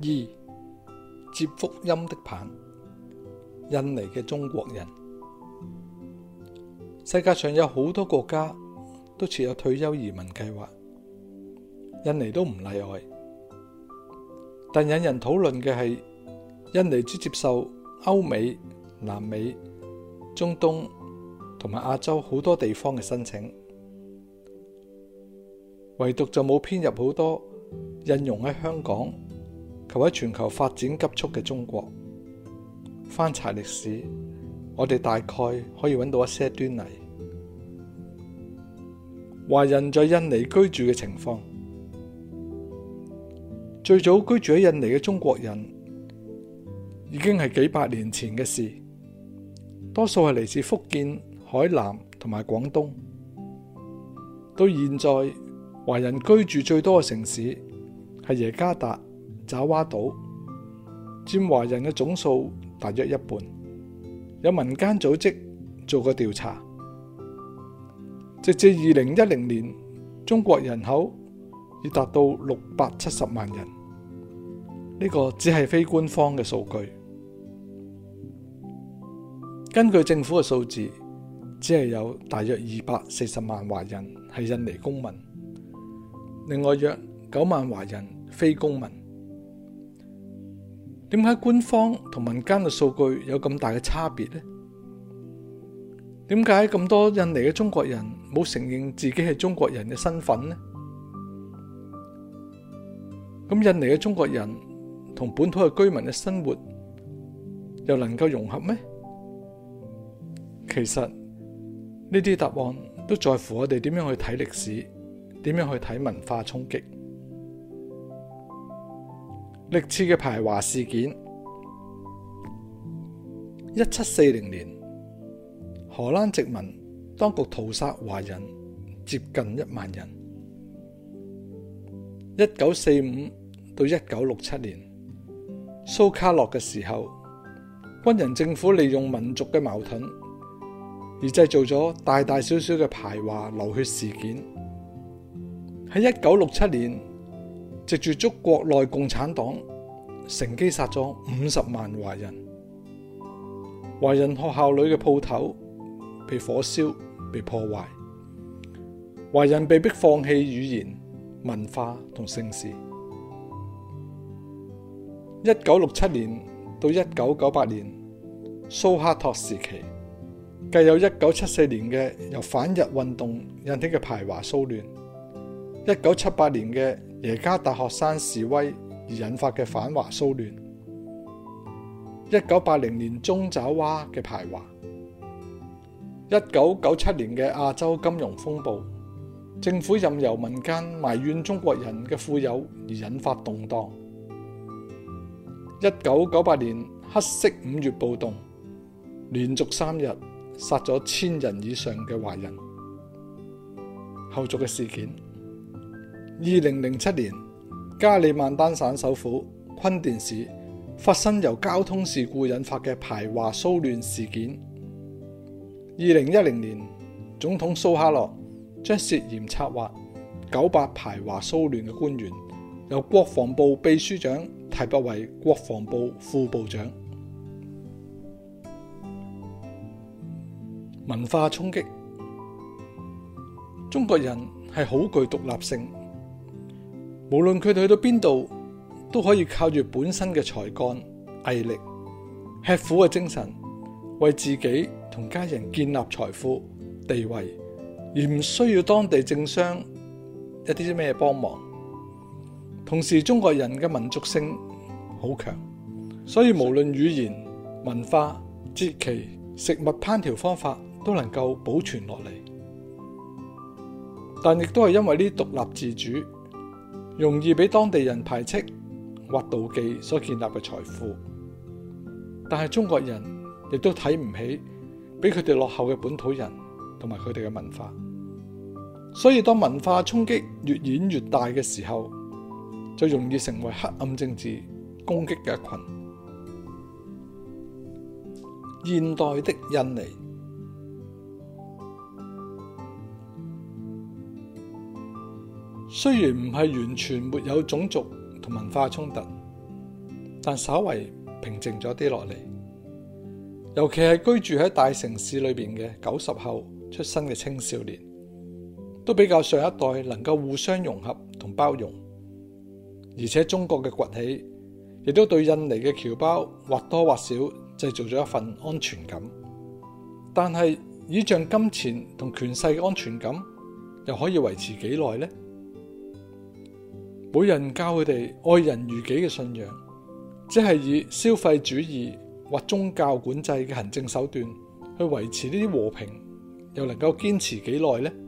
二接福音的棒，印尼嘅中國人。世界上有好多國家都設有退休移民計劃，印尼都唔例外。但引人討論嘅係，印尼只接受歐美、南美、中東同埋亞洲好多地方嘅申請，唯獨就冇編入好多印傭喺香港。求喺全球發展急速嘅中國，翻查歷史，我哋大概可以揾到一些端倪。華人在印尼居住嘅情況，最早居住喺印尼嘅中國人已經係幾百年前嘅事，多數係嚟自福建、海南同埋廣東。到現在，華人居住最多嘅城市係耶加達。爪哇島佔華人嘅總數大約一半，有民間組織做過調查，直至二零一零年，中國人口已達到六百七十萬人，呢個只係非官方嘅數據。根據政府嘅數字，只係有大約二百四十萬華人係印尼公民，另外約九萬華人非公民。點解官方同民間嘅數據有咁大嘅差別呢？點解咁多印尼嘅中國人冇承認自己係中國人嘅身份呢？咁印尼嘅中國人同本土嘅居民嘅生活又能夠融合咩？其實呢啲答案都在乎我哋點樣去睇歷史，點樣去睇文化衝擊。歷次嘅排華事件，一七四零年，荷蘭殖民當局屠殺華人接近一萬人；一九四五到一九六七年，蘇卡諾嘅時候，軍人政府利用民族嘅矛盾，而製造咗大大小小嘅排華流血事件。喺一九六七年，藉住捉國內共產黨乘機殺咗五十萬華人，華人學校裏嘅鋪頭被火燒，被破壞，華人被迫放棄語言、文化同姓氏。一九六七年到一九九八年蘇哈托時期，計有一九七四年嘅由反日運動引起嘅排華騷亂，一九七八年嘅。耶加大學生示威而引發嘅反華騷亂，一九八零年中爪哇嘅排華，一九九七年嘅亞洲金融風暴，政府任由民間埋怨中國人嘅富有而引發動盪，一九九八年黑色五月暴動，連續三日殺咗千人以上嘅華人，後續嘅事件。二零零七年，加里曼丹省首府坤甸市發生由交通事故引發嘅排華騷亂事件。二零一零年，總統蘇哈洛將涉嫌策劃九八排華騷亂嘅官員由國防部秘書長提拔為國防部副部長。文化衝擊，中國人係好具獨立性。無論佢哋去到邊度，都可以靠住本身嘅才幹毅力、吃苦嘅精神，為自己同家人建立財富地位，而唔需要當地政商一啲啲咩幫忙。同時，中國人嘅民族性好強，所以無論語言、文化、節期、食物烹調方法都能夠保存落嚟。但亦都係因為呢啲獨立自主。容易俾當地人排斥或妒忌所建立嘅財富，但係中國人亦都睇唔起比佢哋落後嘅本土人同埋佢哋嘅文化，所以當文化衝擊越演越大嘅時候，就容易成為黑暗政治攻擊嘅一群。現代的印尼。雖然唔係完全沒有種族同文化衝突，但稍微平靜咗啲落嚟。尤其係居住喺大城市裏邊嘅九十後出生嘅青少年，都比較上一代能夠互相融合同包容。而且中國嘅崛起亦都對印尼嘅僑胞或多或少製造咗一份安全感。但係以像金錢同權勢嘅安全感，又可以維持幾耐呢？每人教佢哋愛人如己嘅信仰，即係以消費主義或宗教管制嘅行政手段去維持呢啲和平，又能夠堅持幾耐呢？